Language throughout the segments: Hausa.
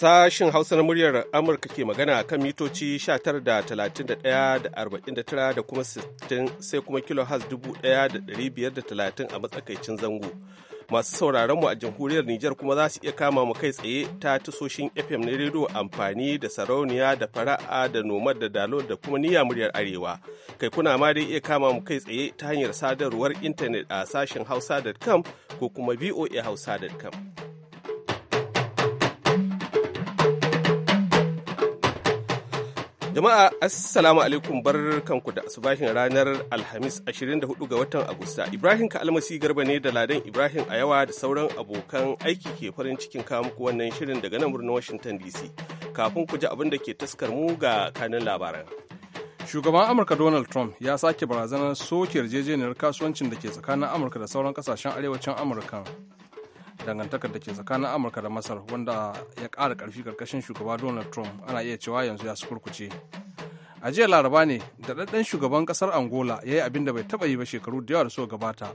Sashin Hausa na muryar Amurka ke magana kan mitoci 19 da 31 da 49 da kuma 60 sai kuma kilohaz 1530 a matsakaicin zango. Masu sauraron mu a jamhuriyar Nijar kuma za su iya kama mu kai tsaye ta tasoshin FM na rediyo amfani da sarauniya da fara'a da nomad da dalo da kuma niyya muryar arewa. Kai kuna ma dai iya kama mu kai tsaye ta hanyar sadarwar intanet a sashin hausa.com ko kuma voa voahausa.com. Jama'a Assalamu alaikum bar kanku da asubahin ranar Alhamis 24 ga watan Agusta. Ibrahim Kalmasi Garba ne da Ladan Ibrahim a yawa da sauran abokan aiki ke farin cikin muku wannan shirin daga nan birnin Washington DC. Kafin ku ji abin da ke taskar mu ga kanin labaran. Shugaban Amurka Donald Trump ya sake barazanar soke yarjejeniyar kasuwancin da ke tsakanin Amurka da sauran kasashen arewacin Amurka dangantakar da ke tsakanin amurka da masar wanda ya ƙara ƙarfi karkashin shugaba donald trump ana iya cewa yanzu ya su kurkuce a jiya laraba ne da ɗaɗɗen shugaban ƙasar angola ya yi abin da bai taɓa yi ba shekaru da yawa da suka gabata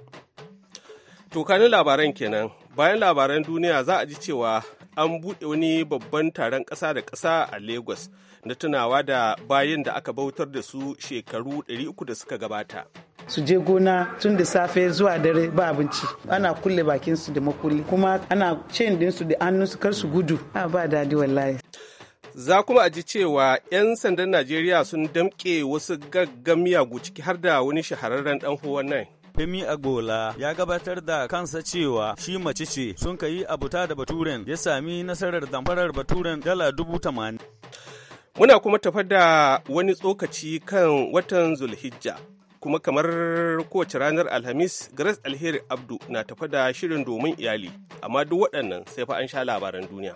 to kanin labaran kenan bayan labaran duniya za a ji cewa an buɗe wani babban taron ƙasa da ƙasa a Lagos na tunawa da bayan da aka bautar da su shekaru 300 da suka gabata. su je gona tun da safe zuwa dare ba abinci ana kulle bakin su da makulli kuma ana cin din su da hannun kar su gudu a ah, ba dadi wallahi za kuma a ji cewa 'yan sandan najeriya sun damƙe wasu gaggamiya ciki har da wani shahararren dan nan. Femi Agbola ya gabatar da kansa cewa shi mace ce sun kayi abuta da Baturen ya sami nasarar damfarar Baturen dala dubu tamanin. Muna kuma tafar da wani tsokaci kan watan Zulhijja kuma kamar kowace ranar Alhamis Grace Alheri Abdu na tafa da shirin domin iyali amma duk waɗannan sai fa an sha labaran duniya.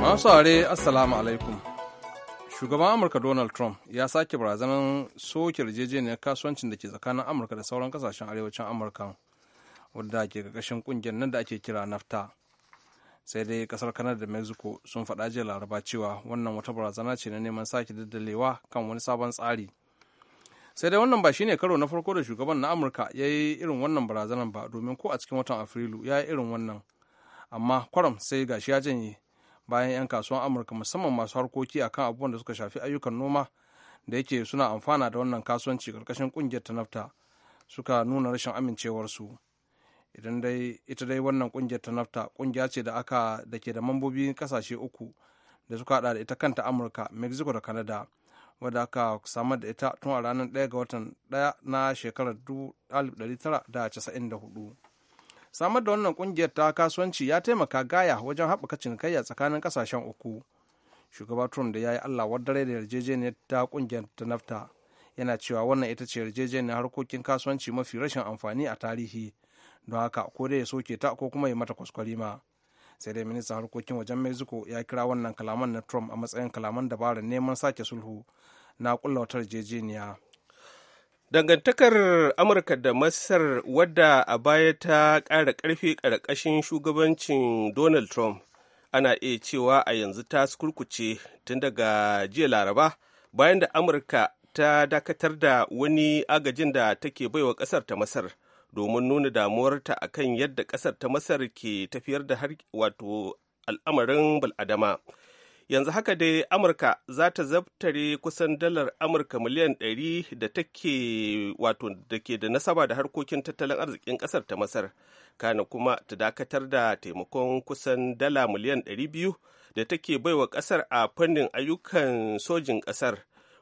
Masu are Assalamu alaikum. shugaban amurka donald trump ya sake barazanar soke yarjejeniyar kasuwancin da ke tsakanin amurka da sauran kasashen arewacin amurka wadda ke ƙarƙashin ƙungiyar nan da ake kira nafta sai dai kasar canada da mexico sun faɗa jiya laraba cewa wannan wata barazana ce na neman sake daddalewa kan wani sabon tsari sai dai wannan ba shine karo na farko da shugaban na amurka ya yi irin wannan barazanar ba domin ko a cikin watan afrilu ya yi irin wannan amma kwaram sai gashi ya janye bayan 'yan kasuwan amurka musamman masu harkoki akan abubuwan da suka shafi ayyukan noma da yake suna amfana da wannan kasuwanci karkashin kungiyar ta nafta suka nuna rashin amincewarsu idan dai ita dai wannan kungiyar ta nafta kungiya ce da aka da ke da mambobi kasashe uku da suka hada da ita kanta amurka mexico da canada wadda aka samar da ita tun a ranar 1 ga watan 1 na shekarar 1994 samar da wannan kungiyar ta kasuwanci ya taimaka gaya wajen haɓaka cinikayya tsakanin kasashen uku shugaba trump da ya yi allah wadare da yarjejeniyar ta kungiyar ta nafta yana cewa wannan ita ce yarjejeniyar harkokin kasuwanci mafi rashin amfani a tarihi don haka ko dai ya soke ta ko kuma ya mata kwaskwarima sai dai ministan harkokin wajen mexico ya kira wannan kalaman na trump a matsayin kalaman dabarar neman sake sulhu na kulla wata yarjejeniya dangantakar amurka da masar wadda a baya ta ƙara ƙarfi ƙarƙashin shugabancin donald trump ana iya cewa a yanzu ta kurkuce tun daga jiya laraba bayan da amurka ta dakatar da wani agajin da take baiwa ƙasar ta masar domin nuna damuwarta a kan yadda ƙasar ta masar ke tafiyar da har wato al'amarin bal'adama yanzu haka dai amurka za ta zabtare kusan dalar amurka miliyan 100 da take wato da ke da nasaba da harkokin tattalin arzikin kasar ta masar kana kuma ta dakatar da taimakon kusan dala miliyan 200 da take baiwa kasar a fannin ayyukan sojin kasar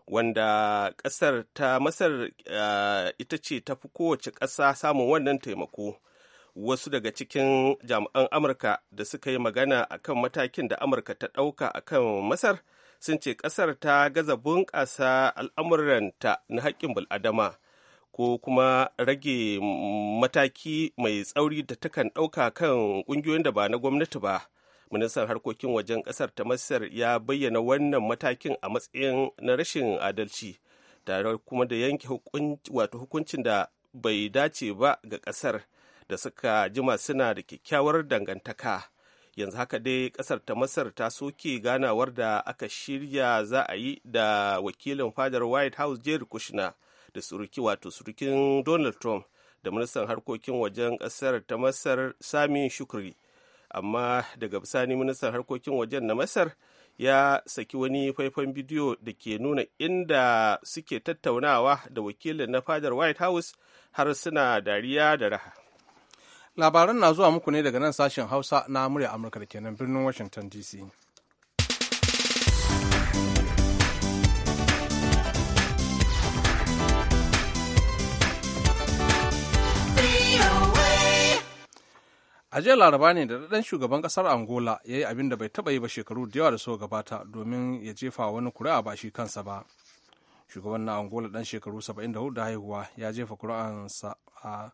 wanda kasar ta masar eh, ita ce ta fi kowace ƙasa samun wannan taimako wasu daga cikin jami'an amurka da suka yi magana akan matakin da amurka ta ɗauka akan masar sun ce ƙasar ta gaza bunƙasa al'amuranta na haƙƙin bul'adama ko kuma rage mataki mai tsauri da takan ɗauka kan ƙungiyoyin da ba na gwamnati ba ministan harkokin wajen ƙasar ta masar ya bayyana wannan matakin a matsayin na rashin adalci tare kuma da yanke wato hukuncin da bai dace ba ga ƙasar da suka jima suna da kyakkyawar dangantaka yanzu haka dai kasar ta masar ta soke ganawar da aka shirya za a yi da wakilin fadar white house jerry kushner da suruki wato surukin donald trump da ministan harkokin wajen kasar ta masar sami shukri amma daga bisani ministan harkokin wajen na masar ya saki wani faifan bidiyo da ke nuna inda suke tattaunawa da wakilin na fadar white house har suna dariya da raha labaran na zuwa muku ne daga nan sashen hausa na murya amurka da kenan birnin washington dc a jiya laraba ne da ɗan shugaban ƙasar angola ya yi abin da bai taɓa yi ba shekaru da yawa da suka gabata domin ya jefa wani kuri'a ba shi kansa ba shugaban na angola ɗan shekaru saba'in da haihuwa ya jefa kuri'ansa a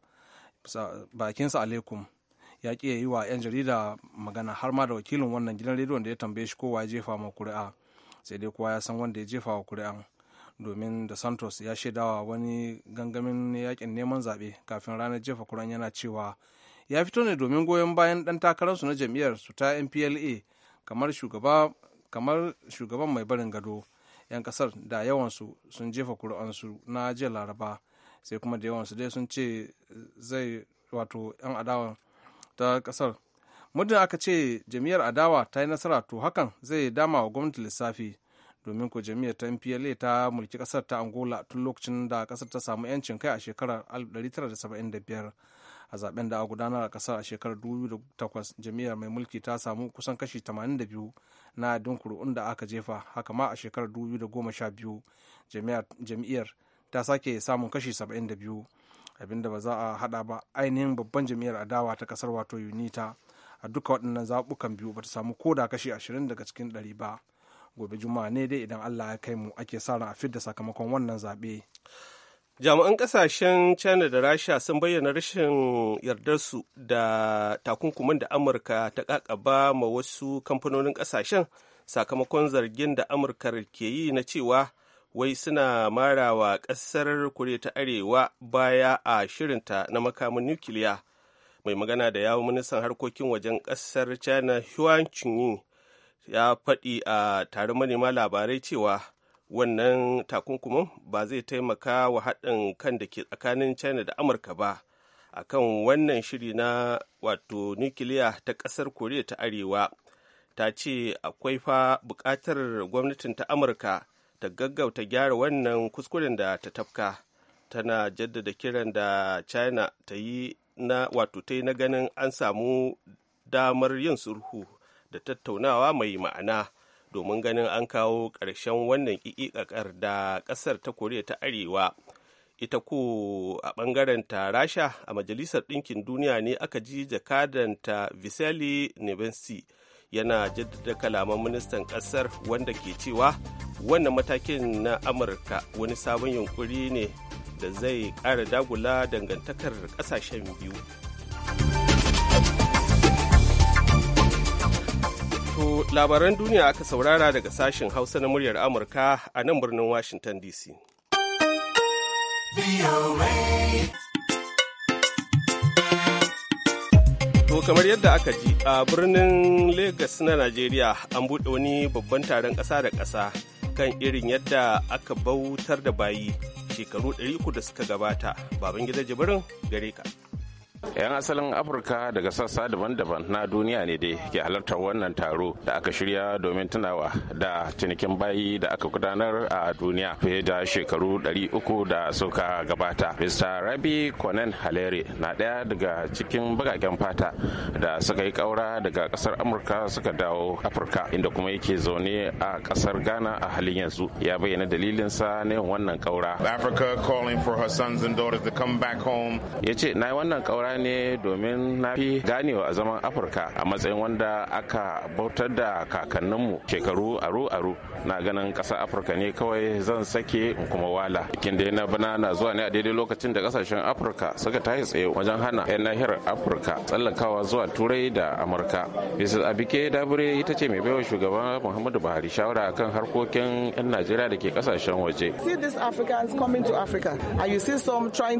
bakinsa alaikum ya ƙi yi wa 'yan jarida magana har ma da wakilin wannan gidan rediyon da ya tambaye shi kowa ya jefa ma kuri'a sai dai kowa ya san wanda ya jefa wa kuri'an domin da santos ya shaidawa wani gangamin yakin neman zaɓe kafin ranar jefa kuran yana cewa ya fito ne domin goyon bayan ɗan takararsu na jam'iyyar su ta mpla kamar shugaba kamar shugaban mai barin gado 'yan kasar da yawansu sun jefa kuri'ansu na jiya laraba sai kuma da yawan su dai sun ce zai wato 'yan adawa ta kasar muddin aka ce jami'ar adawa ta yi nasara to hakan zai dama wa gwamnati lissafi domin ko jami'ar ta mpla ta mulki kasar ta angola tun lokacin da kasar ta samu 'yancin kai a shekarar 1975 a zaben da a gudanar a kasar a shekarar 2008 jami'ar mai mulki ta samu kusan kashi 82 na adadin kuri'un da aka jefa haka ma a shekarar 2012 jami'ar. ta sake samun kashi 72 abinda ba za a hada ba ainihin babban jam'iyyar adawa ta kasar wato unita a duka waɗannan zaɓukan biyu ba ta samu ko da kashi 20 daga cikin 100 ba gobe juma'a ne dai idan allah ya kai mu ake sa ran a fidda sakamakon wannan zaɓe jami'an ƙasashen china da rasha sun bayyana rashin yardarsu da takunkumin da amurka ta kakaba ma wasu kamfanonin ƙasashen sakamakon zargin da amurka ke yi na cewa wai suna marawa ƙasar koriya ta arewa baya a shirinta na makamin nukiliya mai magana da yawon ministan harkokin wajen ƙasar china huan ya faɗi a tare manema labarai cewa wannan takunkumin ba zai taimaka wa haɗin kan da ke tsakanin china da amurka ba akan wannan shiri na wato nukiliya ta ƙasar koriya ta arewa ta ce akwai fa buƙatar gwamnatin ta amurka ta gaggauta gyara wannan kuskuren da ta tafka tana jaddada kiran da china ta yi na wato ta yi na ganin an samu damar yin sulhu da tattaunawa mai ma'ana domin ganin an kawo ƙarshen wannan ƙiƙiƙakar da ƙasar ta koriya ta arewa ita ko a ɓangaren ta rasha a majalisar ɗinkin duniya ne aka ji ta viseli nevensi yana jaddada kalaman ministan ƙasar wanda ke cewa wannan matakin na amurka wani sabon yunkuri ne da zai ƙara dagula dangantakar ƙasashen biyu to labaran duniya aka saurara daga sashen hausa na muryar amurka a nan birnin washington dc To kamar yadda aka ji a birnin Legas na Najeriya an buɗe wani babban taron ƙasa da ƙasa kan irin yadda aka bautar da bayi shekaru 300 da suka gabata. Babangida jibirin gare ka. 'Yan asalin Afirka daga sassa daban-daban na duniya ne dai ke halartar wannan taro da aka shirya domin tunawa da cinikin bayi da aka gudanar a duniya fiye da shekaru 300 da suka gabata. Mr. Rabi Konan Haleri na ɗaya daga cikin bagaken fata da suka yi ƙaura daga kasar Amurka suka dawo Afirka inda kuma yake zaune a ƙasar Ghana a halin yanzu ya bayyana dalilinsa na yin wannan ƙaura. Africa calling for her sons and daughters to come back home. Ya ce na yi wannan ƙaura ne domin na fi ganewa a zaman afirka a matsayin wanda aka bautar da kakanninmu shekaru aru-aru na ganin ƙasar afirka ne kawai zan sake in kuma wala bikin da na bana na zuwa ne a daidai lokacin da kasashen afirka suka tashi tsaye wajen hana 'yan nahiyar afirka tsallakawa zuwa turai da amurka mrs abike dabure ita ce mai baiwa shugaban muhammadu buhari shawara kan harkokin 'yan najeriya da ke kasashen waje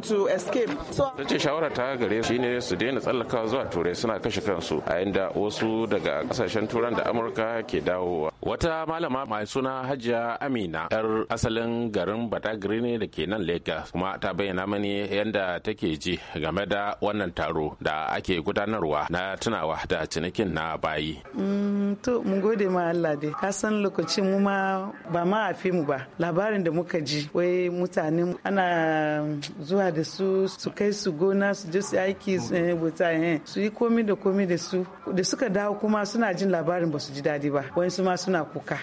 to ta ce shawara ta gare shi shine su daina tsallakawa zuwa turai suna kashe kansu a inda wasu daga kasashen turan da amurka ke dawowa wata malama mai suna hajiya amina yar asalin garin badagiri ne da ke nan lagos kuma ta bayyana mani yadda take ji game da wannan taro da ake gudanarwa na tunawa da cinikin na bayi mm, to mun gode ma allah dai ka san lokacin mu ma ba ma a fi mu ba labarin da muka ji wai mutane ana zuwa da su su kai su gona su je su aiki eh, eh, su yi komi da komi da su da suka dawo kuma suna jin labarin ba su ji daɗi ba wani su suna kuka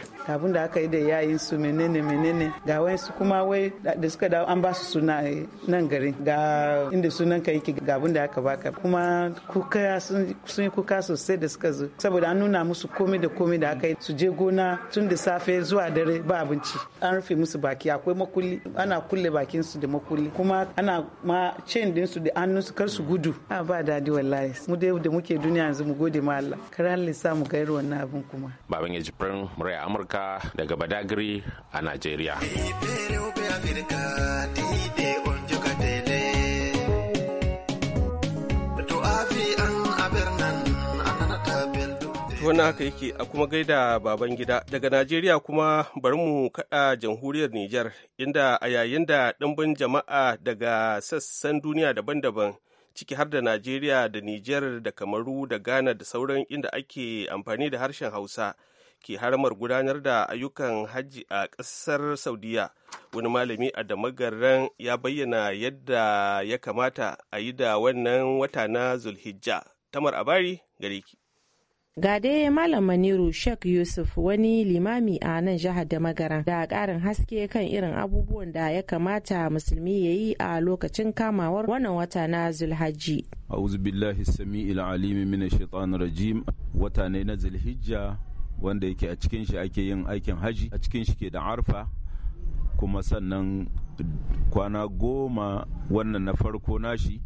da aka yi da yayin su menene menene ga wayansu kuma wai da suka dawo an ba su suna eh, nan garin ga inda sunan ka yake ga da aka baka kuma kuka sun yi kuka sosai da suka zo saboda an nuna musu komai da komai da aka yi su je gona tun da safe zuwa dare ba abinci an rufe musu baki akwai makulli ana kulle bakin su da makulli kuma ana ma chain din su da hannun su kar su gudu a ba dadi wallahi mu dai da muke duniya yanzu mu gode ma Allah kar Allah ya sa mu gairu wannan abin kuma baban ya jibrin Hassan Amurka daga Badagiri a Najeriya. wani haka yake a kuma gaida baban gida daga najeriya kuma bari mu kada jamhuriyar niger inda a yayin da ɗimbin jama'a daga sassan duniya daban-daban ciki har da najeriya da nijar da kamaru da ghana da sauran inda ake amfani da harshen hausa ke haramar gudanar da ayyukan hajji a ƙasar saudiya wani malami a damagaran ya bayyana yadda ya kamata a yi da wannan wata na zulhijja tamar abari gare ki gade malam maniru sheikh yusuf wani limami a nan jihar da magara da karin haske kan irin abubuwan da ya kamata musulmi ya yi a lokacin kamawar wannan wata na zulhajji a'udhu billahi sami'il alim rajim wata ne na zulhijja wanda yake a cikin shi ake yin aikin haji a cikin shi ke da arfa kuma sannan kwana goma wannan na farko nashi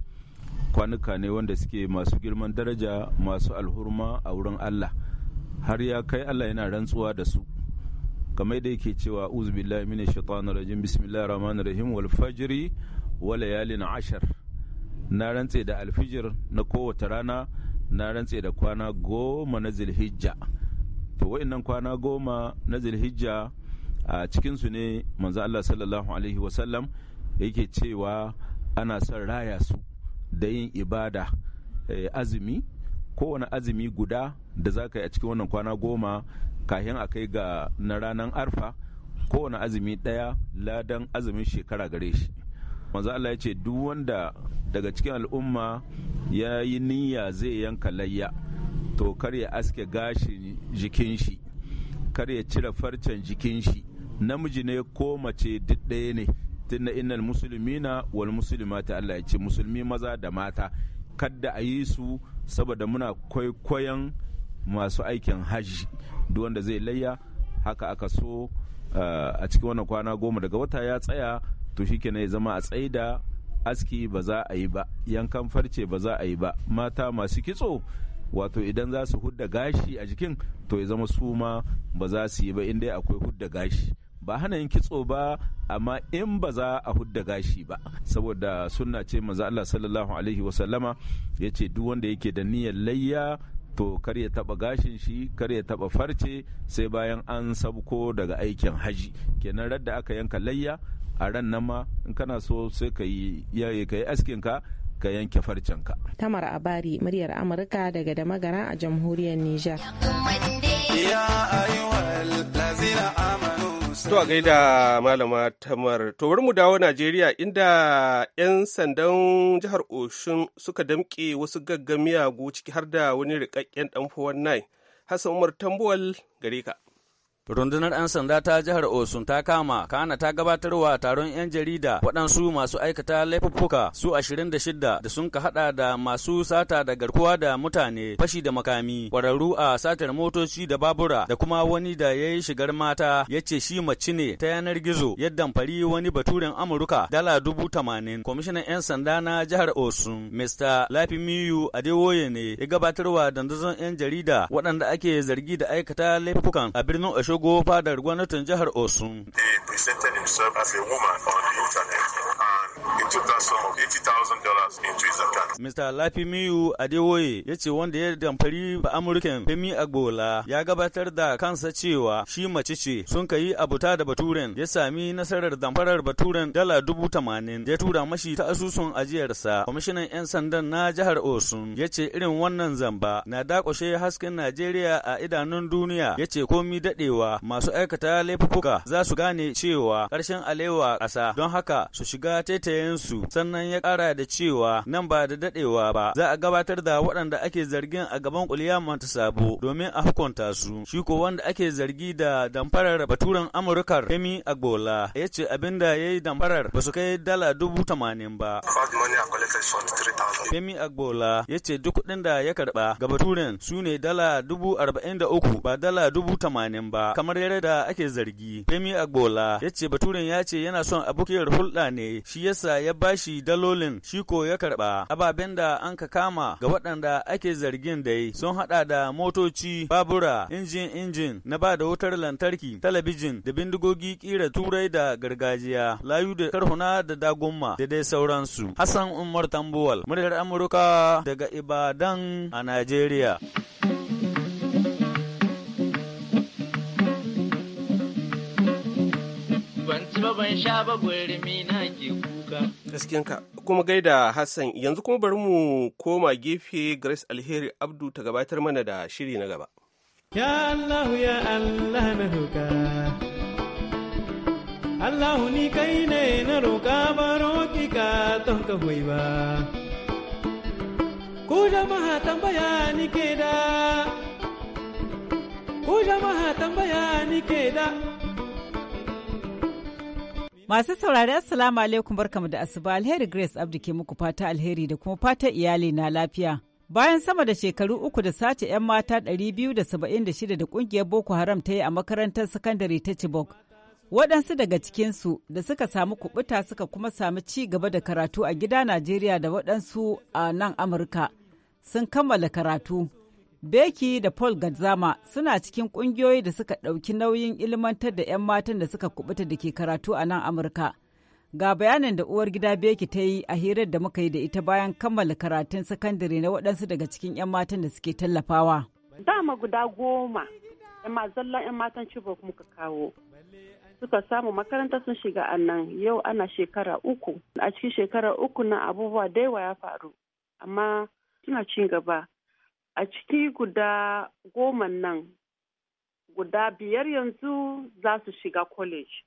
kwanuka ne wanda suke masu girman daraja masu alhurma a wurin allah har ya kai allah yana rantsuwa da su kamar da yake cewa uzubillahi mini shaitan rajim bismillahir rahmanir rahim wal fajri wa layalin ashar na rantse da alfijir na kowace rana na rantse da kwana goma na zilhijja to wa'annan kwana goma na zilhijja a cikinsu ne manzo Allah sallallahu alaihi wasallam yake cewa ana son raya su da yin ibada eh, azumi kowane azumi guda da za ka yi a cikin wannan kwana goma kahin a kai ga na ranar arfa kowane azumi ɗaya ladan azumin shekara gare shi manzo Allah yace ce duk wanda daga cikin al'umma ya yi niyya zai yanka layya to kar ya aske gashin jikin shi kar ya cire farcen jikin shi namiji ne ko mace duk ɗaya ne tunda innal musulmina wal muslimata Allah ya ce musulmi maza da mata kadda a yi su saboda muna kwaikwayon masu aikin hajji duk wanda zai layya haka aka so eh, a cikin wannan kwana goma daga wata ya tsaya to shikenan ya zama a tsaida aski ba za a yi ba yankan farce ba za a yi ba mata masu kitso wato idan za su hudda gashi a jikin to ya zama su ma ba za su yi ba inda akwai hudda gashi ba hana yin kitso ba amma in ba za a hudda gashi ba saboda sunna ce maza Allah sallallahu alaihi wasallama ce duk wanda yake da niyyar layya to kar ya taba gashin shi kar ya taba farce sai bayan an sabko daga aikin haji kenan radda aka yanka layya a ran nan ma in kana so sai ka yi askin ka ka yanke farcenka. Tamar Abari muryar Amurka daga damagara a jamhuriyar Nijar. To a gaida malama tamar to bari mu dawo Najeriya inda 'yan sandan jihar Oshun suka damƙe wasu gaggamiyagu ciki har da wani rikakken ɗan nai Hassan Umar Tambuwal gare ka. Rundunar 'yan sanda ta jihar Osun ta kama, kana ta gabatarwa taron 'yan jarida waɗansu masu aikata laifuffuka su 26 da sun ka haɗa da masu sata da garkuwa da mutane, fashi da makami, ƙwararru a satar motoci da babura da kuma wani da ya yi shigar mata ya ce shi mace ne ta yanar gizo yadda fari wani baturen Amurka dala dubu tamanin. Kwamishinan 'yan sanda na jihar Osun, Mr. Lafimiyu Adewoye ne ya gabatarwa dandazon 'yan jarida waɗanda ake zargi da aikata laifukan a birnin Osun. shigo fadar gwamnatin jihar Osun. Mr. Lafimiyu Adewoye ya ce wanda ya damfari ba Amurken Femi Agbola ya gabatar da kansa cewa shi mace ce sun kayi abuta da Baturen ya sami nasarar damfarar Baturen dala dubu tamanin ya tura mashi ta asusun ajiyarsa. Kwamishinan 'yan sandan na jihar Osun ya ce irin wannan zamba na dakushe hasken Najeriya a idanun duniya ya ce komi daɗewa cewa masu aikata laifuka za su gane cewa karshen alewa ƙasa don haka su shiga taitayensu sannan ya ƙara da cewa nan ba da daɗewa ba za a gabatar da waɗanda ake zargin a gaban kuliyamar ta sabo domin a hukunta su shi ko wanda ake zargi da damfarar baturen amurkar kemi agbola ya ce abin da ya yi damfarar ba su kai dala dubu tamanin ba kemi agbola ya ce duk kuɗin da ya karɓa ga baturen su ne dala dubu arba'in da uku ba dala dubu tamanin ba kamar yadda ake zargi. Femi Agbola ya ce Baturen ya ce yana son abokiyar hulɗa ne shi yasa ya bashi dalolin shi ko ya karɓa. Ababen da an ka kama ga waɗanda ake zargin dai sun haɗa da motoci, babura, injin injin na ba da wutar lantarki, talabijin da bindigogi ƙira turai da gargajiya, layu da karhuna da dagumma da dai sauransu. Hassan Umar Tambuwal, muryar Amurka daga Ibadan a Najeriya. ba ban sha ba gwarmi ke kuka. Gaskiyanka kuma gaida Hassan yanzu kuma bari mu koma gefe Grace Alheri Abdu ta gabatar mana da shiri na gaba. Ya Allah ya Allah na roka. Allah ni kai ne na roka ba roki ka ton ka hoyi ba. Ku jama'a tambaya ni ke da. Ku jama'a tambaya ni ke da. Masu saurari Assalamu alaikum barkamu da asuba alheri Grace Abdi ke muku fata alheri da kuma fata iyali na lafiya. Bayan sama da shekaru uku da sace 'yan mata 276 da kungiyar Boko Haram ta yi a makarantar sakandare ta Chibok. Waɗansu daga cikinsu da suka samu kubuta suka kuma sami ci gaba da karatu a gida Najeriya da waɗansu a nan Amurka sun kammala karatu. Beki da Paul Gadzama suna cikin kungiyoyi da suka ɗauki nauyin ilmantar da 'yan matan da suka kubuta da ke karatu a nan Amurka. Ga bayanin da uwar gida Beki ta yi a hirar da muka yi da ita bayan kammala karatun sakandare na waɗansu daga cikin 'yan matan da suke tallafawa. Dama guda goma, 'yan zallan 'yan matan Chibok muka kawo. Suka samu makaranta sun shiga a nan yau ana shekara uku. A cikin shekara uku na abubuwa da yawa ya faru, amma suna cin gaba. a ciki guda goma nan guda biyar yanzu za su shiga college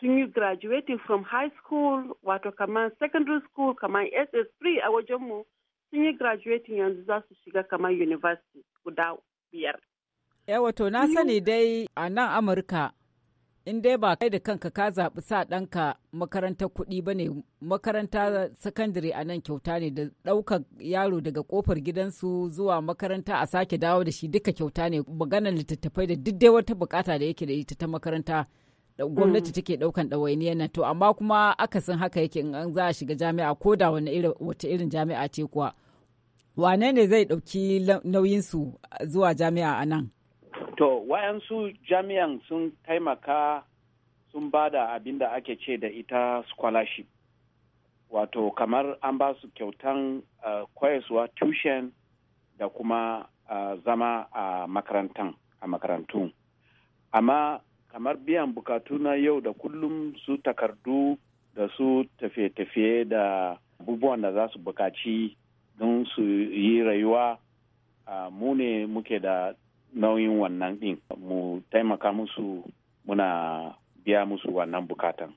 sun yi graduating from high school wato kamar secondary school kamar ss3 a wajenmu sun yi graduating yanzu za su shiga kamar university guda biyar. wato na sani dai a nan amurka in dai ba kai da kanka ka zaɓi sa ɗanka makarantar kuɗi ba ne makaranta sakandare a nan kyauta ne da ɗaukar yaro daga ƙofar gidansu zuwa makaranta a sake dawo da shi duka kyauta ne maganar littattafai da duk dai wata bukata da yake da ita ta makaranta gwamnati mm. take ɗaukan ɗawainiyar nan to amma kuma akasin haka yake in an za a shiga jami'a ko da wani irin wata irin jami'a ce kuwa wane ne zai ɗauki nauyinsu zuwa jami'a a nan To, wayansu jami'an sun taimaka sun ba da abin da ake ce da ita scholarship. Wato, kamar an ba su kyautan uh, eh, tushen da kuma eh, zama a makarantan, a makarantu. Amma kamar biyan bukatu na yau da kullum su takardu da su tafiye-tafiye da abubuwan da za su bukaci don su yi rayuwa eh, mu ne muke da nauyin wannan din. mu taimaka musu muna biya musu wannan bukatan.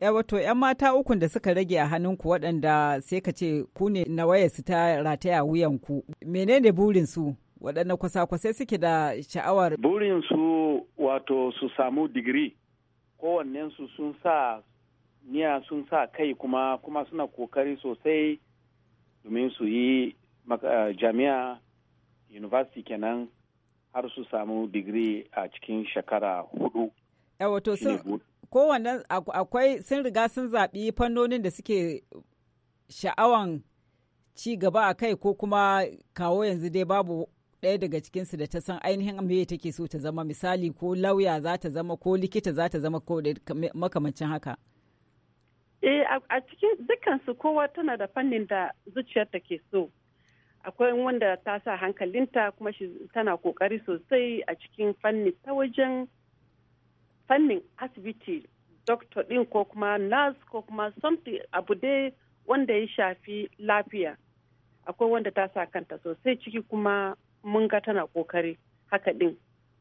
ya eh, wato 'yan mata ukun da suka rage a hannunku waɗanda sai ka ce ku ne na waya su ta rataya wuyanku menene burinsu waɗanda kwasa-kwasai suke da sha'awar su wato su samu digiri kowannensu sun sa niya sun sa kai kuma kuma suna kokari sosai domin su yi jami'a university kenan har su samu digiri a cikin shekara hudu. wato sun kowanne akwai sun riga sun zaɓi fannonin da suke sha'awan ci gaba a kai ko kuma kawo yanzu dai babu ɗaya daga cikinsu da ta san ainihin me take so ta zama misali ko lauya za ta zama ko likita za ta zama ko makamancin haka. Eh a cikin dukansu kowa tana da fannin da zuciyarta ke so. akwai wanda ta sa hankalinta kuma shi tana kokari sosai a cikin fanni ta wajen fannin asibiti doctor din ko kuma nurse ko kuma something abu dai wanda ya shafi lafiya akwai wanda ta sa kanta sosai ciki kuma mun ga tana kokari haka din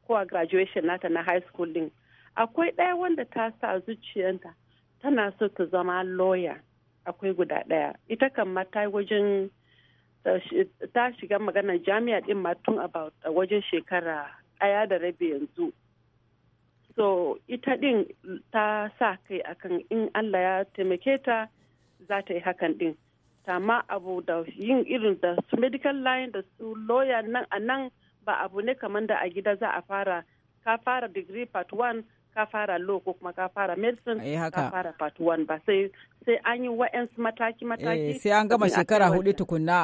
ko a graduation nata na high school din akwai ɗaya wanda ta sa zuciyanta tana so ta zama lawyer akwai guda ɗaya ita kan mata wajen Eh, ta shiga magana jami'a din ma tun about eh, wajen shekara ɗaya da rabi yanzu so ita din ta sa kai akan in allah ya taimake ta za ta yi hakan din tama abu da yin irin da su medical line da su lawyer nan a nan ba abu ne kamar da a gida za a fara ka fara degree part 1 ka fara low ko kuma ka fara medicine ka fara part 1 ba sai sai an yi wa'yansu mataki-mataki. Eh, sai an gama shekara hudu tukunna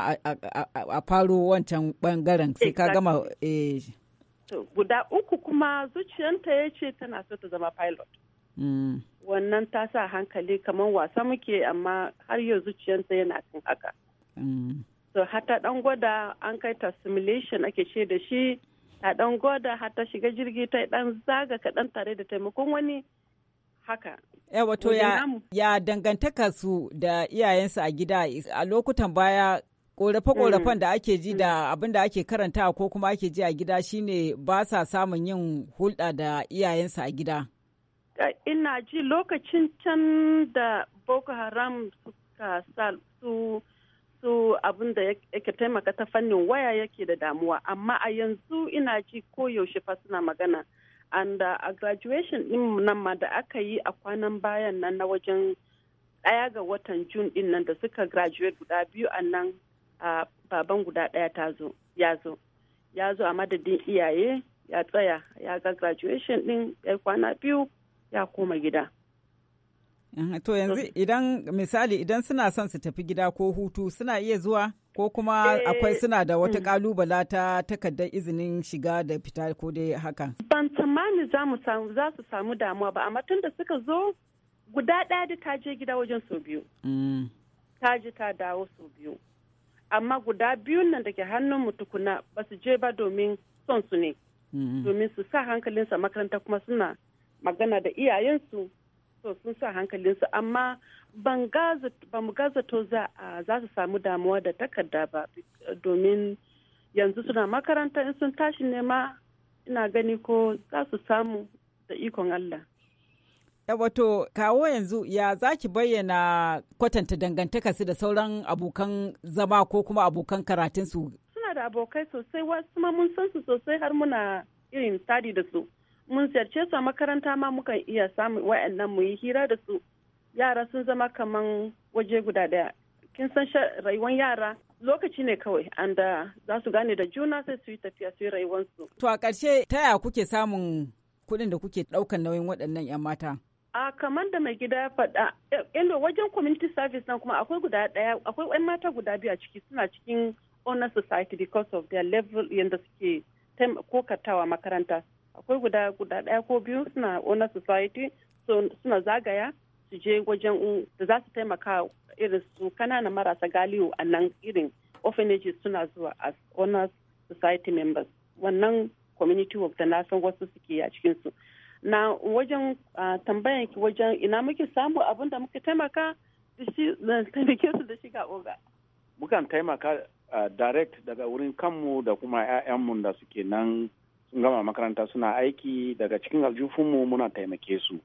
a faro wancan bangaren sai ka gama eh. guda uku kuma zuciyanta ya ce tana so ta zama pilot. Hmm. Wannan ta sa hankali kamar wasa muke amma har yau zuciyanta yana kan haka. So hmm. hata dan gwada an kai ta simulation ake ce da shi a dan goda har ta shiga jirgi ta dan zaga kaɗan tare da taimakon wani haka. Yawa eh, wato ya, ya dangantaka su da iyayensu a gida a lokutan baya korafe-korafen da ake ji da mm. abin da ake karanta ko kuma ake ji a gida shine ba sa samun yin hulɗa da iyayensu a gida. Ina ji lokacin can da Boko Haram suka sa su su abin da yake taimaka ta fannin waya yake da damuwa amma a yanzu ina ji koyaushe fa suna magana and uh, a graduation din nan ma da aka yi a kwanan bayan nan na wajen ɗaya ga watan jun din nan da suka graduate guda biyu a nan uh, baban guda ɗaya ta zo ya zo ya zo a madadin iyaye ya tsaya ya ga graduation din ya kwana biyu ya koma gida To yanzu idan misali idan suna son su tafi gida ko hutu suna iya zuwa ko kuma akwai eh, suna da wata kalubala mm. ta takardar izinin shiga da fita ko dai haka. Ban tsammani za su samu damuwa ba amma tun da suka zo guda ɗaya da ta je gida wajen sau biyu. Mm. Ta ji ta dawo sau biyu. Amma guda biyun nan da ke hannun mu tukuna ba su je ba domin son su ne. Mm. Domin su sa hankalinsa makaranta kuma suna magana da iyayensu so sun sa hankalinsu amma ba mu gazato za su samu damuwa da takarda ba domin yanzu suna makaranta in sun tashi nema ina gani ko za su samu da ikon Allah. wato kawo yanzu ya za ki bayyana kwatanta dangantaka su da sauran abokan zama ko kuma abokan karatunsu? Suna da abokai sosai wasu ma mun san su sosai har muna irin tadi da su. mun ziyarce su a makaranta ma muka iya samu wa'annan mu yi hira da su yara sun zama kaman waje guda daya kin san rayuwar yara lokaci ne kawai an uh, za su gane da juna sai su yi tafiya su yi su. To a ƙarshe ta yaya kuke samun kuɗin da kuke ɗaukan nauyin waɗannan 'yan mata? A kamar da mai gida ya faɗa, ilo wajen community service nan kuma akwai guda ɗaya, akwai 'yan mata guda biyu a ciki suna cikin honor society because of their level yadda suke ko kokatawa makaranta akwai guda guda ɗaya ko biyu suna owner society so suna zagaya su je wajen da za su taimaka irin su kananan marasa galiyo a nan irin orphanages suna zuwa as honor society members wannan community work da na san wasu suke a cikinsu na wajen tambayan ki wajen ina muke samu abin da muke taimaka da shi taimake su da shiga oga mukan taimaka Uh, direct daga wurin kanmu da kuma 'ya'yanmu da suke nan sun gama makaranta suna aiki daga cikin aljufunmu muna taimake su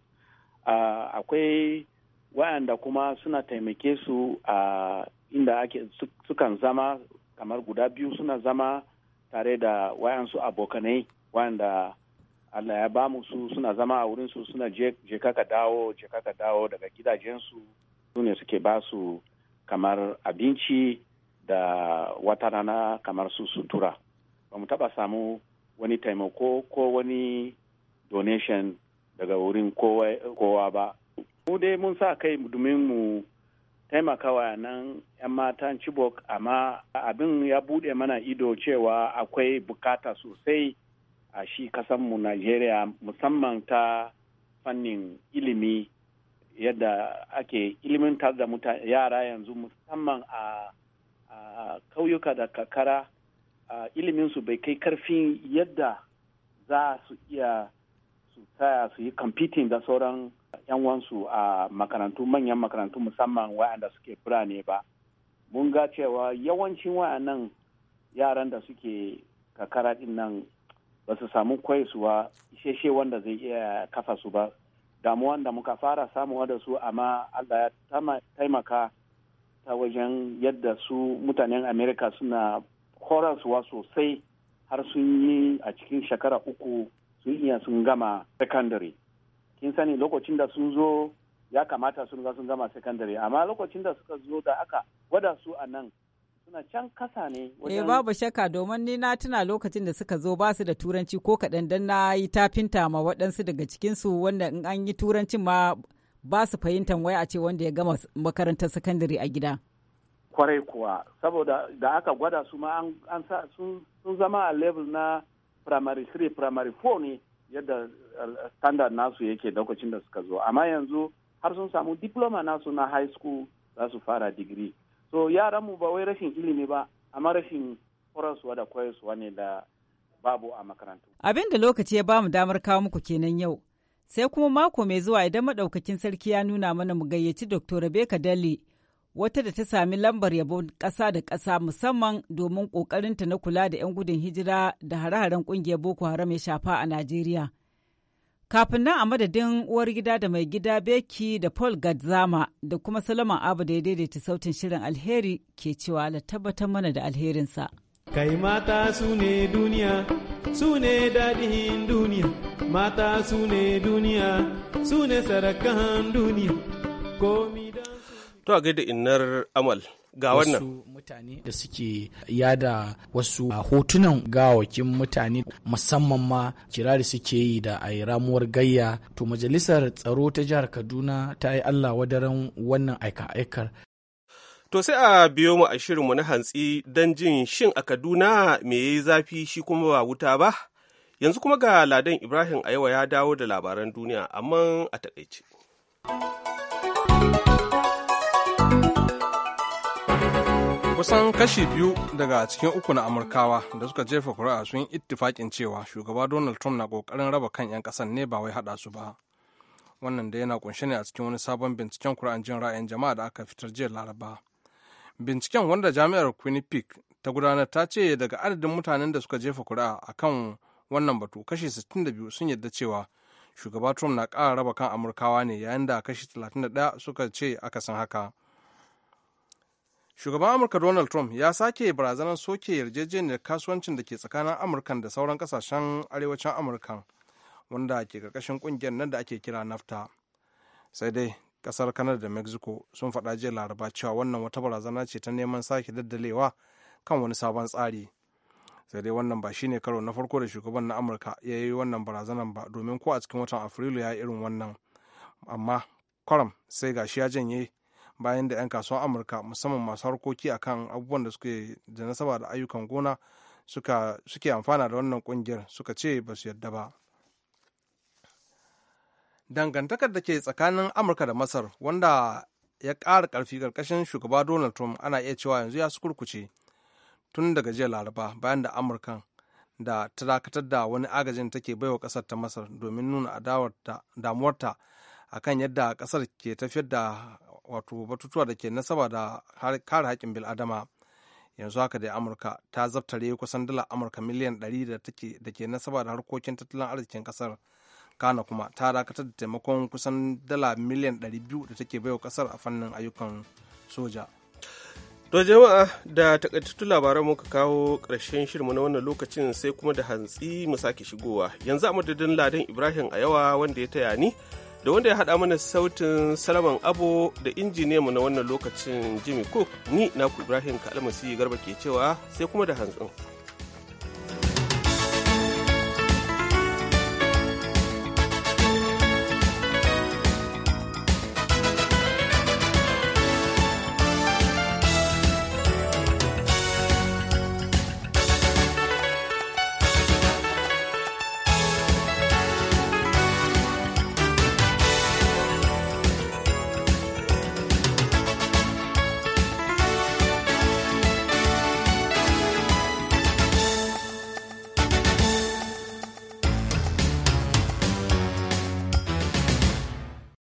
uh, akwai wa'anda kuma suna taimake su a uh, inda ake sukan zama kamar guda biyu suna zama tare da wayansu abokanai wayanda Allah ya bamu su suna zama a su suna je kaka dawo je kaka dawo daga gidajensu su ne suke ba su kamar abinci da wata rana kamar su sutura ba mu taba samu wani taimako ko wani donation daga wurin kowa ba mu dai mun sa kai domin mu taimakawa nan 'yan matan chibok amma abin ya bude mana ido cewa akwai bukata sosai a shi mu nigeria musamman ta fannin ilimi yadda ake ilimintar da yara yanzu musamman a a kauyuka da kakara iliminsu bai kai karfin yadda za su iya su tsaya su yi competing da sauran yan wansu a makarantu manyan makarantu musamman wa'anda suke birane ba mun ga cewa yawancin wa'annan yaran da suke kakara din nan ba su samu kwaisuwa isheshe wanda zai iya kafa su ba damuwan da muka fara samuwa da su amma allah ya taimaka ta wajen yadda su mutanen amerika suna horaswa sosai har sun yi a cikin shekara uku sun iya sun gama secondary kin sani lokacin da sun zo ya kamata sun ga sun gama secondary amma lokacin da suka zo da aka gwada su a nan suna can kasa ne wajen... Eh, babu shakka domin ni na tuna lokacin da suka zo ba su da turanci ko kaɗan dan na yi tafinta ma waɗansu daga cikinsu wanda in an yi turancin ma ba su fahimtar wai a ce wanda ya gama makarantar sakandare a gida. Kwarai kuwa, saboda da aka gwada su ma an sa sun zama a level na primary 3, primary 4 ne yadda uh, standard nasu yake lokacin da suka zo. Amma yanzu har sun samu diploma nasu na high school za su fara digiri. So yaranmu ba wai rashin ilimi ba, amma rashin horaswa da koyaswa ne da babu a makarantu. Abin da lokaci ya ba mu damar kawo muku kenan yau. sai kuma mako mai zuwa idan madaukakin sarki ya nuna mana mu gayyaci Dr. Rebecca Daly wata da ta sami lambar yabon ƙasa da ƙasa musamman domin ƙoƙarinta na kula da 'yan gudun hijira da hare-haren ƙungiyar Boko Haram ya shafa a Najeriya. Kafin nan a madadin uwar gida da mai gida Beki da Paul Gadzama da kuma Salama Abu da ya daidaita sautin shirin alheri ke cewa la tabbatar mana da alherinsa. Kai mata su ne duniya, su ne daɗin duniya, mata su ne duniya, su ne sarakan duniya. To a gaida innar amal ga wannan. Wasu mutane da suke yada wasu hotunan gawakin mutane musamman ma kirari suke yi da a ramuwar gayya to majalisar tsaro ta jihar Kaduna ta yi Allah wadaran wannan aika-aikar To sai a biyo mu a shirinmu na hantsi don jin shin a Kaduna me ya yi zafi shi kuma ba wuta ba? Yanzu kuma ga Ladan Ibrahim a yawa ya dawo da labaran duniya, amma a taƙaice. Kusan kashi biyu daga cikin uku na Amurkawa da suka jefa kuri'a sun yi cewa shugaba Donald Trump na kokarin raba kan 'yan ƙasan ne ba wai haɗa su ba. Wannan da yana kunshe ne a cikin wani sabon binciken kuri'an jin ra'ayin jama'a da aka fitar jiya Laraba. binciken wanda jami'ar quinnipiac ta gudanar ta ce daga adadin mutanen da suka jefa kuri'a a kan wannan batu kashi 62 sun yadda cewa shugaba trump na ƙara raba kan amurkawa ne yayin da kashi 31 suka ce aka san haka shugaban amurka donald trump ya sake barazanar soke yarjejeniyar kasuwancin da ke tsakanin amurka da sauran kasashen arewacin amurka wanda ke karkashin ƙungiyar nan da ake kira nafta sai dai kasar canada da mexico sun faɗa jiya laraba cewa wannan wata barazana ce ta neman sake daddalewa kan wani sabon tsari sai dai wannan ba shine karo na farko da shugaban na amurka ya yi wannan barazanan ba domin ko a cikin watan afrilu ya yi irin wannan amma kwaram sai gashi ya janye bayan da 'yan kasuwan amurka musamman masu harkoki akan abubuwan da suke da nasaba da ayyukan gona suke amfana da wannan kungiyar suka ce ba su yadda ba. dangantakar da ke tsakanin amurka da masar wanda ya ƙara ƙarfi ƙarƙashin shugaba donald trump ana iya cewa yanzu ya sukurkuce tun daga jiya laraba bayan da amurka da ta dakatar da wani agajin take baiwa ƙasar ta masar domin nuna damuwarta a kan yadda ƙasar ke tafiyar da wato batutuwa da ke nasaba da kare haƙƙin bil'adama yanzu haka da amurka ta zartare kusan dala amurka miliyan 100 da ke nasaba da harkokin tattalin arzikin ƙasar kana kuma ta dakatar da taimakon kusan dala miliyan 200 da take baiwa kasar a fannin ayyukan soja To jama'a da takaitattu labaran muka kawo karshen shirmu na wannan lokacin sai kuma da hantsi mu sake shigowa. Yanzu a madadin Ladan Ibrahim a yawa wanda ya taya ni da wanda ya haɗa mana sautin Salaman Abo da mu na wannan lokacin Jimmy Cook ni naku Ibrahim Kalmasi Garba ke cewa sai kuma da hantsin.